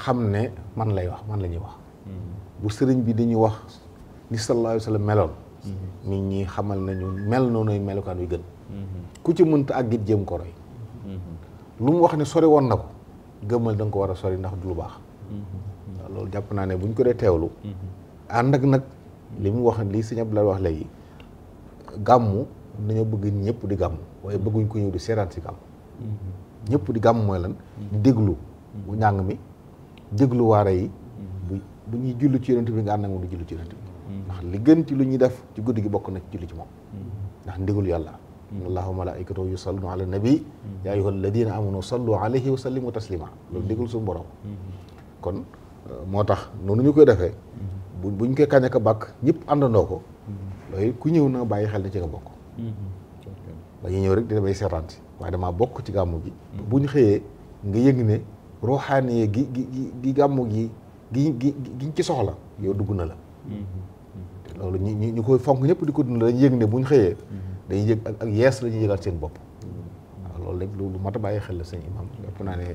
C: xam ne man lay wax man la ñuy wax bu sëriñ bi dañuy wax ni sallallahu alayhi wa sallam meloon nit ñi xamal nañu mel noonu melokaan wi gën ku ci mënta àggit jéem ko lu mu wax ne sori woon na ko gëmmal da ko war a sori ndax du lu baax
D: mm-hmm.
C: loolu jàpp naa ne bu ñu ko dee teewlu
D: mm-hmm.
C: ànd ak nag li mu wax li sëñ Abdoulaye wax léegi gàmmu dañoo bëgg ñëpp di gàmm waaye mm-hmm. bëgguñ ko ñëw di seetaan si gàmm ñëpp di gàmm mooy lan di déglu bu njàng mi déglu waare yi bu ñuy jullu ci yonent bi nga ànd ak moom di jullu ci yonent bi ndax li gën ci lu ñuy def ci guddi gi bokk na ci julli ci moom ndax ndigalu yàlla inna allaha wa malaikatahu yusalluna ala nabi ya ayuha alladina amanu sallu alayhi wa sallimu taslima loolu digul suñu borom kon moo tax noonu ñu koy defee bu buñ koy kañ ak a bàkk ñëpp àndandoo ko loolu ku ñëw na bàyyi xel na ci nga bokk ñëw rek dina bay seetaan si bokk ci gàmmu gi buñ xëyee nga yëg ne ruuxaanee gi gi gi gi gi gi giñ ci soxla yow dugg na la
D: mm-hmm.
C: loolu ñu ñu koy fonk ñëpp di ko dund dañuy yëg ne buñ xëyee mm-hmm. dañu yëg ak ak yees la ñuy yëgal seen bopp loolu lu mat a bàyyi xel la sëñ imam jàpp naa ne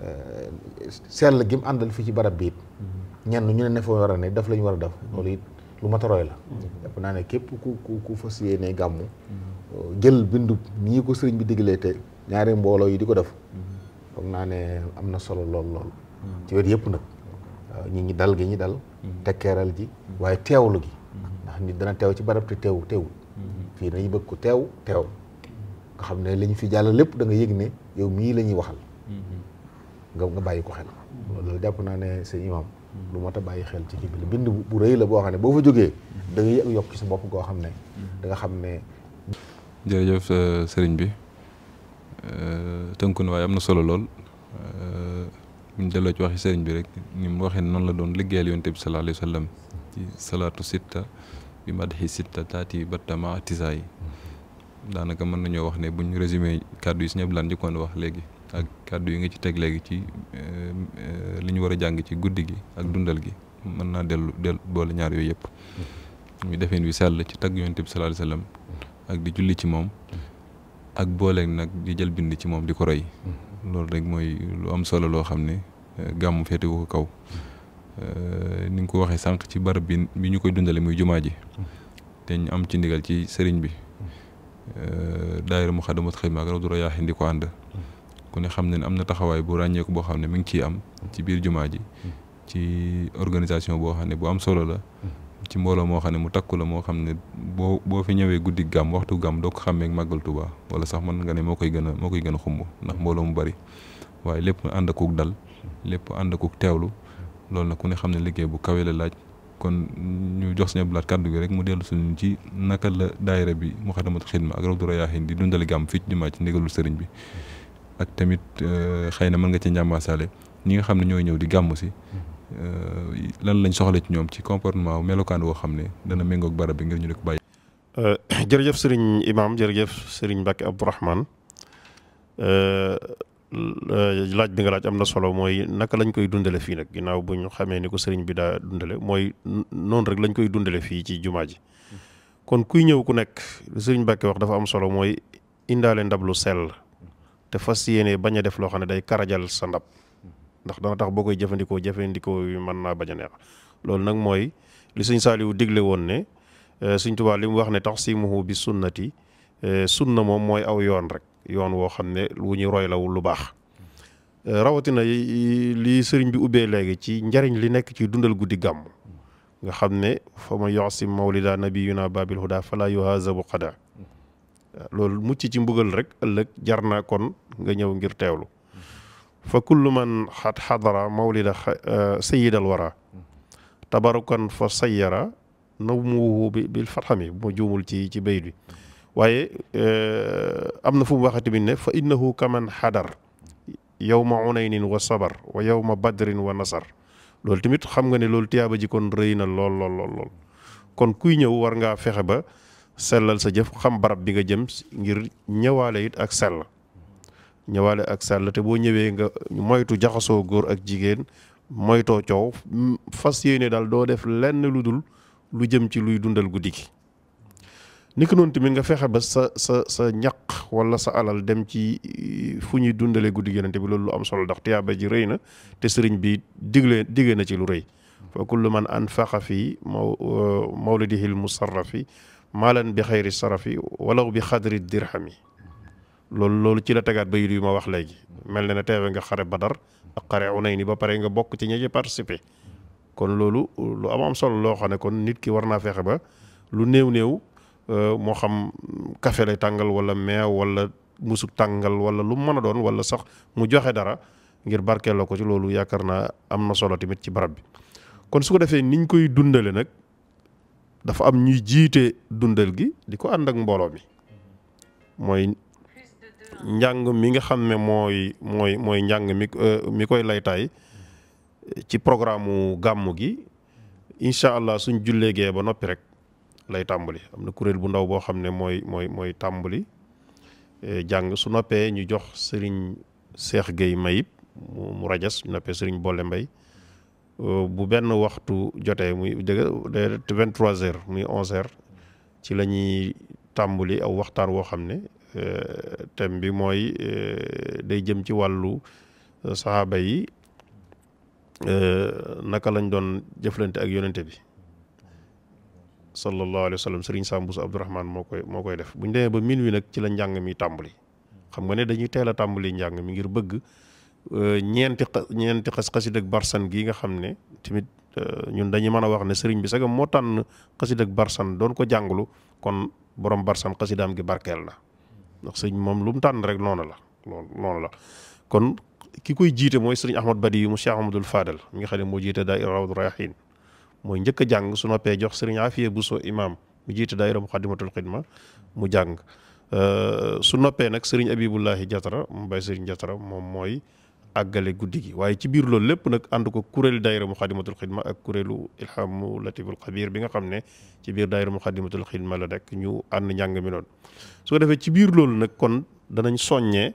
C: euh, seetl gi mu àndal fii ci barab bi ñenn ñu ne ne ne daf la war a def loolu it lu mat a roy naa ne képp ku ku ku fas yéene gàmmu jël bindu nii ko sëriñ bi diglee te ñaari mbooloo yi di ko def foog naa ne am na solo lool lool ci wet yëpp nag ñi ñi dal gi ñi dal mm-hmm. tekkeeral ji waaye teewlu gi mm-hmm. ndax nit dana teew ci barab te teew teewul fii dañuy bëgg ko teew teew nga xam ne li ñu fi jàll lépp da nga yëg ne yow mii lañuy ñuy waxal mm-hmm. nga nga bàyyi ko xel mm-hmm. loolu jàpp naa ne sëñ imam mm-hmm. lu mat a bàyyi xel ci kii bi bind bu rëy la boo xam ne boo fa jógee da yëg yokk ci sa bopp goo xam ne da xam
B: ne jërëjëf euh, sëriñ bi euh, tënku na waaye am solo lool euh, buñ delloo ci waxi sëriñ bi rek ni mu waxee noonu la doon liggéeyal yonte bi sallallahu alayhi wa salaatu sitta bi madhi sitta taati ba tama tisaay daanaka mën nañoo wax ne bu ñu résumé kàddu yi si ñëpp lan njëkkoon wax léegi ak kàddu yi nga ci teg léegi ci euh, li ñu war a jàng ci guddi gi ak dundal gi mën naa dellu dellu boole ñaar yooyu yëpp. ñu defeen wi sell ci tagg yonent bi sallallahu alayhi wasallam ak di julli ci moom ak booleeg nag di jël bind ci moom di ko roy loolu rek mooy lu am solo loo xam ne euh, gàmmu féete ko kaw. Euh, ni nga ko waxee sànq ci barab bi bi ñu koy dundale muy jumaa ji te ñu am ci ndigal ci sëriñ bi euh, daayira mu xadamat xëy maag rawdu rayaahin di ko ànd ku ne xam ne ne am na taxawaay bu ràññeeku boo xam ne mi ngi ciy am ci biir jumaa ji ci organisation boo xam ne bu am solo la ci mbooloo moo xam ne mu takku la moo xam ne boo boo fi ñëwee guddi gàmm waxtu gàmm doo ko xàmmee ak màggal Tuubaa wala sax mën nga ne moo koy gën a moo koy gën a xumb ndax mbooloo mu bari waaye lépp ànd akuk dal lépp ànd akuk teewlu loolu na ku ne xam ne liggéey bu kawe la laaj kon ñu jox suñu abdulaat kàddu gi rek mu dellu suñu ci naka la daayira bi Muxaddamatul Xidma ak Rawdu Rayaahin di dundale gàmm fii ci jumaa ci ndigalul sëriñ bi ak tamit euh, xëy na mën nga ci njàmbaasaale ñi nga xam ne ñooy ñëw di gàmm si euh, lan lañ soxla ci ñoom ci comportement melokaan woo xam ne dana méngoog barab bi ngir ñu di ko bàyyi. Euh,
A: jërëjëf sëriñ Imaam jërëjëf sëriñ Mbacke Abdourahmane Euh, laaj bi nga laaj am na solo mooy naka lañ koy dundale fii nag ginnaaw bu ñu xamee ni ko sëriñ bi daa dundale mooy noonu rek lañ koy dundale fii ci jumaa ji kon kuy ñëw ku nekk sëriñ Mbàkke wax dafa am solo mooy indaale ndab lu sell te fas yéene bañ a def loo xam ne day karajal sa ndab ndax dana tax boo koy jëfandikoo jëfandikoo yi mën naa bañ a neex loolu nag mooy li sëñ Saaliwu digle woon ne euh, suñ Tuubaa li mu wax ne tax simuhu bi sunnati euh, sunna moom mooy aw yoon rek yoon woo xam ne wu ñuy roy lawul lu baax euh, rawatina li sëriñ bi ubbee léegi ci njariñ li nekk ci dundal guddi gàmm nga xam ne fa ma yoxsim mawlida nabiyuna babil huda fala yuhazabu qada loolu mucc ci mbugal rek ëllëg jar na kon nga ñëw ngir teewlu fa kullu man xat xadara mawlida euh, sayidal wara tabarukan fa sayara naw mu bil fatxami bu ma juumul ci ci bayt bi waaye eh, am na fu mu waxee tamit ne fa innahu kaman xadar yawma unaynin wa sabar wa ma badrin wa nasar loolu tamit xam nga ne loolu tiyaaba ji kon rëy na lool lool kon kuy ñëw war ngaa fexe ba sellal sa jëf xam barab bi nga jëm ngir ñëwaale yit ak sell ñëwaale ak sell te boo ñëwee nga moytu jaxasoo góor ak jigéen moytoo coow fas yéene daal doo def lenn lu dul lu jëm ci luy dundal guddi gi ni ko noonu tamit nga fexe ba sa sa sa ñaq wala sa alal dem ci eh, fu ñuy dundalee guddi yonent bi loolu lu am solo ndax tiyaaba ji rëy na te sëriñ bi digle diggee na ci lu rëy fa kullu man anfaqa fi maw eh, mawlidihi l musarrafi maalan bi xayri sarafi walaw bi xadri dirhami loolu loolu ci la tegaat ba yu ma wax léegi mel na ne teewe nga xare badar ak xare Unayni ba pare nga bokk ci ñi ci kon loolu lu am am solo loo xam ne kon nit ki war naa fexe ba lu néew néew Euh, moo xam café lay tàngal wala meew wala musuk tàngal wala lu mu mën a doon wala sax mu joxe dara ngir barkeeloo ko ci loolu yaakaar naa am na solo tamit ci barab bi kon su ko defee niñ koy dundale nag dafa am ñuy jiite dundal gi di ko ànd ak mbooloo mi mooy njàng mi nga xam ne mooy mooy mooy njàng mi euh, mi koy laytaay ci programme gàmmu gi incha allah suñ julleegee ba noppi rek lay tàmbali am na kuréel bu ndaw boo xam ne mooy mooy mooy tàmbali eh, jàng su noppee ñu jox sëriñ Seex Gueye Mayib mu rajas ñu noppee sëriñ Bolle Mbay eh, bu benn waxtu jotee muy dëgg vingt-trois heures muy onze ci la ñuy tàmbali aw waxtaan woo xam ne eh, thème bi mooy day jëm ci wàllu saxaaba yi naka lañ doon jëflante ak yonente bi sallallahu alayhi wa sallam sëriñ Sam Bousso Abdourahmane moo koy moo koy def bu ñu demee ba minuit nag ci la njàng mi tàmbali xam nga ne dañuy teel a tàmbali njàng mi ngir bëgg euh, ñeenti ñeenti xas xasid barsan gii nga xam ne tamit euh, ñun dañuy mën a wax ne sëriñ bi sax moo tànn xasid ak barsan doon ko jànglu kon borom barsan xasidaam gi barkeel na ndax sëriñ moom lu mu tànn rek noonu la loolu noonu la kon ki koy jiite mooy sëriñ Ahmad Badi mu Cheikh Ahmadul Fadal mi nga xam ne moo jiite daa Rawdu Rayaahiin mooy njëkk a jàng su noppee jox sëriñ Afiya Buso imam mu jiite daayira Muqaddimatul Xidma mu jàng euh, su noppee nag sëriñ Abibullahi Jatara mu bay sëriñ Jatara moom mooy àggale guddi gi waaye ci biir loolu lépp nag ànd ko kuréelu daayira Muqaddimatul Xidma ak kuréelu Ilhamu Latiful Xabir bi nga xam ne ci biir daayira Muqaddimatul Xidma la rek ñu ànd njàng mi noonu soo defee ci biir loolu nag kon danañ soññee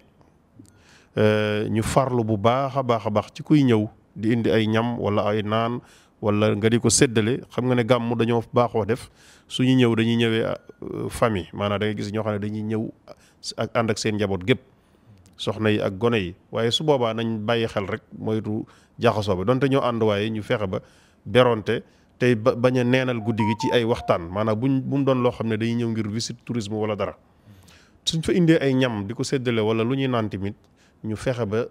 A: euh, ñu farlu bu baax a baax a baax ci kuy ñëw di indi ay ñam wala ay naan wala nga di ko séddale xam nga ne gàmm dañoo baaxoo def suñu ñëw dañuy ñëwee euh, famille maanaam da gis ñoo xam ne dañuy ñëw ak ànd ak seen njaboot gépp soxna yi ak gone yi waaye su boobaa nañ bàyyi xel rek moytu jaxasoo ba donte ñoo ànd waaye ñu fexe ba beronte tey ba bañ a neenal guddi gi ci ay waxtaan maanaam buñ bu mu doon loo xam ne dañuy ñëw ngir visite tourisme wala dara suñ fa indee ay ñam di ko séddale wala lu ñuy naan tamit ñu fexe ba.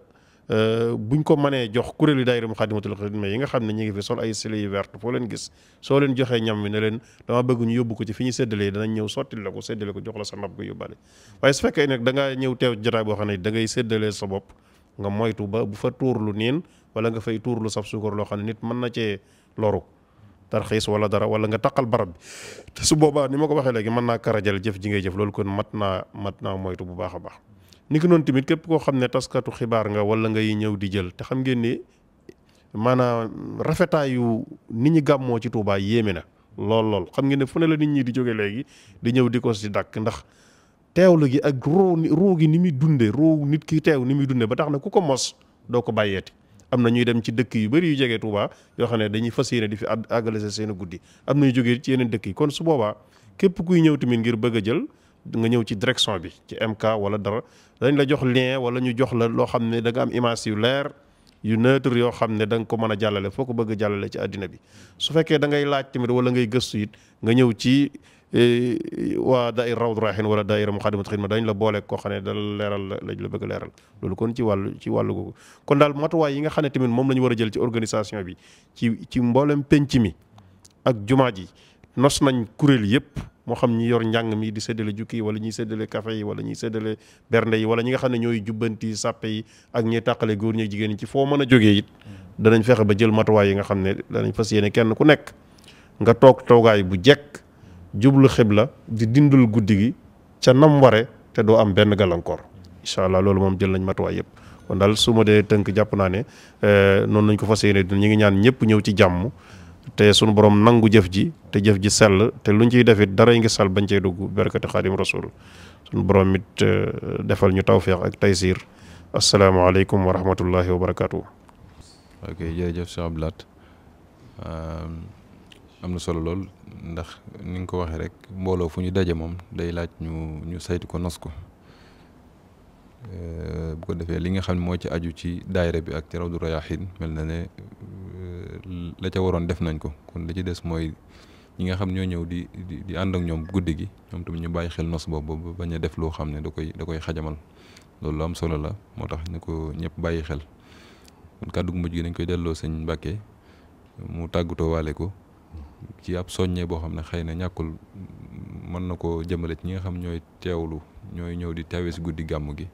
A: bu euh, buñ ko mënee jox kuréelu daayira Muxaddamatul Xidma yi nga xam ne ñu ngi fi sol ay silé foo leen gis soo leen joxee ñam wi ne leen dama bëgg ñu yóbbu ko ci fi ñu séddalee danañ ñëw sottil la ko séddale ko jox la sa ndab ko yóbbaale waaye su fekkee nag da ngaa ñëw teew jotaay boo xam ne da ngay séddalee sa bopp nga moytu ba bu fa tuurlu niin wala nga fay tuurlu saf suukar loo xam ne nit mën na cee loru tarxiis wala dara wala nga taqal barab bi su boobaa ni ma ko waxee léegi mën naa karajal jëf ji ngay jëf loolu kon mat naa mat naa moytu bu a baax ni ki noonu tamit képp koo xam ne taskatu xibaar nga wala ngay ñëw di jël te xam ngeen ni maanaam rafetaayu ni ñu gàmmoo ci Touba yéeme na lool lool xam ngeen ne fu la nit ñi di jóge léegi di ñëw di ko si dàkk ndax teewlu gi ak ruu ruu gi ni muy dunde ruu nit ki teew ni muy dunde ba tax na ku ko mos doo ko bàyyeeti am na ñuy dem ci dëkk yu bari yu jege Touba yoo xam ne dañuy fas yéene di fi àggale sa seen guddi am na ñu ci yeneen dëkk yi kon su boobaa képp kuy ñëw tamit ngir bëgg a jël nga ñëw ci direction bi ci MK wala dara dañ la jox lien wala ñu jox la loo xam ne da am image yu leer yu neutre yoo xam ne da nga ko mën a jàllale foo ko bëgg a jàllale ci àddina bi su fekkee da ngay laaj tamit wala ngay gëstu it nga ñëw ci e, waa daayira Rawdu Rayaahiin wala daayira Muxaddamatul ma dañ la boole koo xam ne dala leeral lañ la bëgg leeral loolu kon ci wàll ci wàllu googu kon daal matuwaay yi nga xam ne tamit moom la ñu war a jël ci organisation bi ci ci mboolem penc mi ak jumaa ji nos nañ kuréel yëpp moo xam ñi yor njàng mi di séddale jukki yi wala ñuy séddale café yi wala ñuy séddale bernde yi wala ñi nga xam ne ñooy jubbanti sàppe yi ak ñiy tàqale góor ñi jigéen ñi ci foo mën a jógee it danañ fexe ba jël matuwaay yi nga xam ne danañ fas yéene kenn ku nekk nga toog toogaay bu jekk jublu xibla di dindul guddi gi ca nam ware te doo am benn gàllankoor incha allah loolu moom jël nañ matuwaay yëpp kon daal su ma dee tënk jàpp naa ne euh, noonu nañ ko fas yéene ñu ngi ñaan ñëpp ñëw ci jàmm te sunu borom nangu jëf ji te jëf ji sell te luñ ciy defit dara yi ngi sell bañ cey dugg barkati xaadim rasul sunu borom it eh, defal ñu tawféex ak taysiir asalaamaaleykum
B: wa rahmatullahi wa barakaatu. ok jërëjëf Cheikh Abdou am na solo lool ndax ni nga ko waxee rek mbooloo fu ñu daje moom day laaj ñu ñu saytu ko nos ko. Euh, bu ko defee li nga xam ne moo ci aju ci daayira bi ak ci rawdu rayaaxin mel na ne euh, la ca waroon def nañ ko kon li ci des mooy ñi nga xam ñoo ñëw di di ànd ak ñoom guddi gi ñoom tamit ñu bàyyi xel nos boobu bañ a def loo xam ne da koy da koy xajamal loolu solo la moo tax ñu ko ñëpp bàyyi xel kàddu gu mujj gi dañ koy delloo sëñ Mbàkke mu tàggatoo waale ko ci ab soññee boo xam ne xëy na ñàkkul mën na koo jëmale ci ñi nga xam ñooy teewlu ñooy ñëw di teewee si guddi gàmmu gi.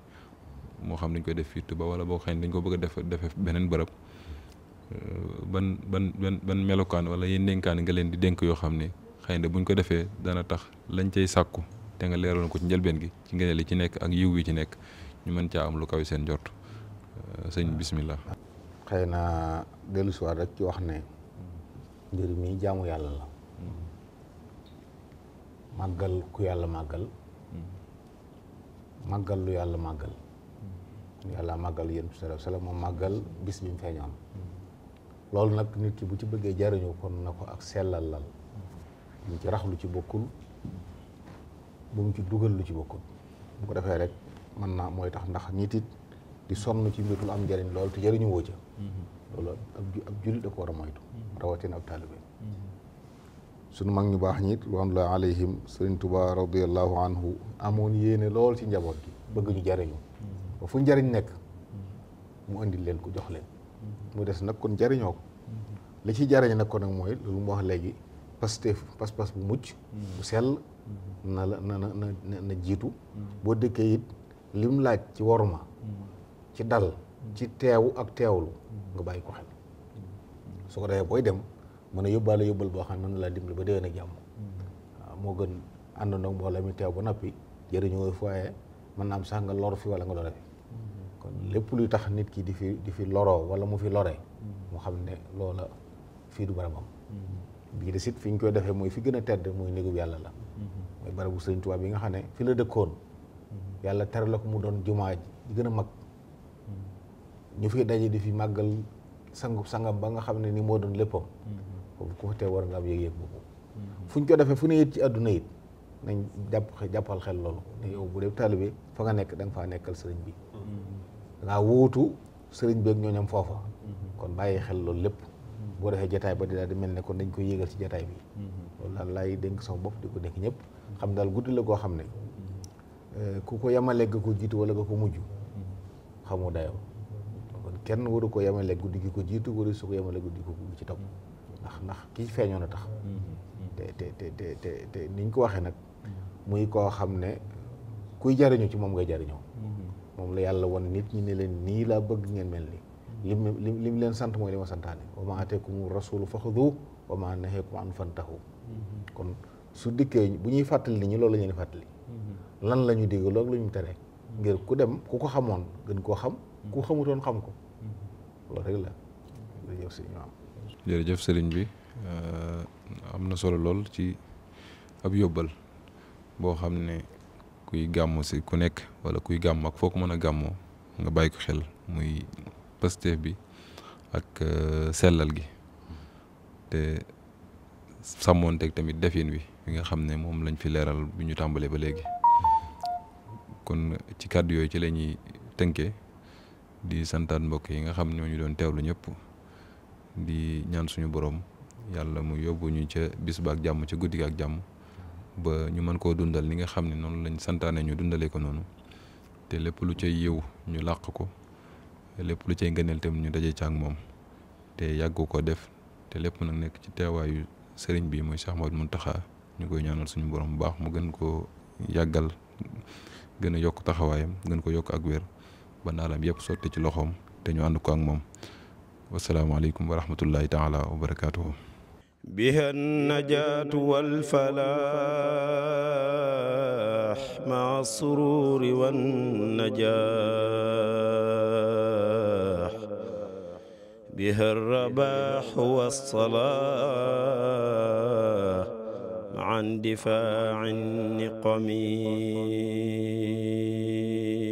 B: moo xam dañ koy def fii Tuuba wala boo xam ne dañ ko bëgg a def defee beneen bërëb euh, ban ban ban melokaan wala yéen dénkaan nga leen di dénk yoo xam ne xëy na buñ ko defee dana tax lañ cay sàkku te nga leeraloon ko ci njëlbeen gi ci ngëneel li ci nekk ak yiw wi ci nekk ñu mën caa am lu kaw seen jot euh, sëñ bismillah
C: xëy na dellu si waat rek ci wax ne mbir mi jaamu yàlla la màggal ku yàlla màggal hmm. màggal lu yàlla màggal yàlla màggal yéen bi sallallahu alayhi wa sallam moom màggal bis bi mu feeñoon loolu nag nit ki bu ci bëggee jariñu kon na ko ak sellal lal mu ci rax lu ci bokkul bu mu ci dugal lu ci bokkul bu ko defee rek mën naa mooy tax ndax ñitit di sonn ci mbir lu am jariñ lool te jariñu woo ca loolu ab jullit da ko war a moytu rawatina ab taalibe sunu mag ñu baax ñiit wanla alayhim sëriñ Tuubaa radiyallahu anhu amoon yéene lool ci njaboot gi bëgg ñu jariñu ba fu njariñ nekk mu indi leen ko jox leen mu des nag kon jariñoo ko li ci jariñ nag ko nag mooy loolu mu wax léegi pasteef pas-pas bu mucc bu sell na la na na jiitu boo dëkkee it lim laaj ci ma ci dal ci teew ak teewlu nga bàyyi ko xel su ko defee booy dem mën a yóbbaale yóbbal boo xam ne mën na laa dimbali ba déwén ak jàmm waaw moo gën àndandoo mbooloo mi teew ba noppi jëriñoo fooyee mën naa am sax nga lor fi wala nga lor kon lépp luy tax nit ki di fi di fi loro wala mu fi lore mm. mu xam ne loola fii du barabam
D: mm.
C: bii de sit fiñ ñu defee mooy fi gën a tedd mooy néegub yàlla la
D: mm-hmm.
C: mooy barabu sëñ Tuubaa bi nga xam ne fi la dëkkoon mm-hmm. yàlla tere la ko mu doon jumaa ji gën a mag mm. ñu fi daje di fi màggal sangu sangam ba nga xam ne ni moo doon léppam mm-hmm. foofu ku fa tee war nga am yëg-yëg boobu fu ko defee fu ne it ci àdduna it nañ jàpp jàppal xel loolu ne yow bu dee taalibe fa nga nekk da nga nekkal sëriñ bi danaa wuutu sëriñ beeg ñooñam foofa kon bàyyi xel loolu lépp boo defee jataay ba di daal di mel ne kon dañ koy yéegal ci jataay bi loolu daal laay dénk sama bopp di ko dénk ñëpp xam daal guddi la goo xam ne euh, ku ko yemaleeg ko jiitu wala nga ko mujj xamoo dayoo kon kenn waru koo yemalee guddi gi ko jiitu waru su ko yemaleeg guddi ko ci topp ndax ndax kii feeñoon a tax te te te te te niñ ko waxee nag muy koo xam ne kuy jariñu ci moom ngay jariñoo moom la yàlla won nit ñi ne leen nii laa bëgg ngeen mel nii li mu leen sant mooy li ma santaane wa ma ateekum rasulu faxudu wa ma naheekum fan fantahu
D: mm-hmm.
C: kon su dikkee bu ñuy fàttali nit ñu loolu la ñuy fàttali
D: mm-hmm.
C: lan la ñu digg loolu la ñu tere mm-hmm. ngir ku dem ku ko xamoon gën koo xam ku xamutoon xam ko loolu rek la
B: jërëjëf sëriñ bi euh, am na solo lool ci ab yóbbal boo xam ne kuy gàmmu si ku nekk wala kuy gàmm ak foo ko mën a gàmmoo nga bàyyi xel muy Pastef bi ak euh, sellal gi te sàmmoonteeg tamit defin wi bi nga xam ne moom lañ fi leeral bi ñu tàmbalee ba léegi kon ci kàddu yooyu ci la ñuy tënkee di santaat mbokk yi nga xam ñoo ñu doon teewlu ñëpp di ñaan suñu boroom yàlla mu yóbbu ñu ca bis ba ak jàmm ca guddi ak jàmm. ba ñu mën koo dundal li nga xam ne noonu lañ santaane ñu dundalee ko noonu te lépp lu cay yiw ñu làq ko lépp lu cay ngëneel tam ñu dajee ca ak moom te yàggu ko def te lépp nag nekk ci teewaayu sëriñ bi mooy Cheikh mun taxa ñu koy ñaanal suñu borom bu baax mu gën koo yàggal gën a yokk taxawaayam gën ko yokk ak wér ba naalam yëpp sotte ci loxoom te ñu ànd ko ak moom wasalaamaaleykum wa rahmatullahi taala wa barakaatuhu
A: بها النجاة والفلاح مع السرور والنجاح بها الرباح والصلاح مع اندفاع
D: النقم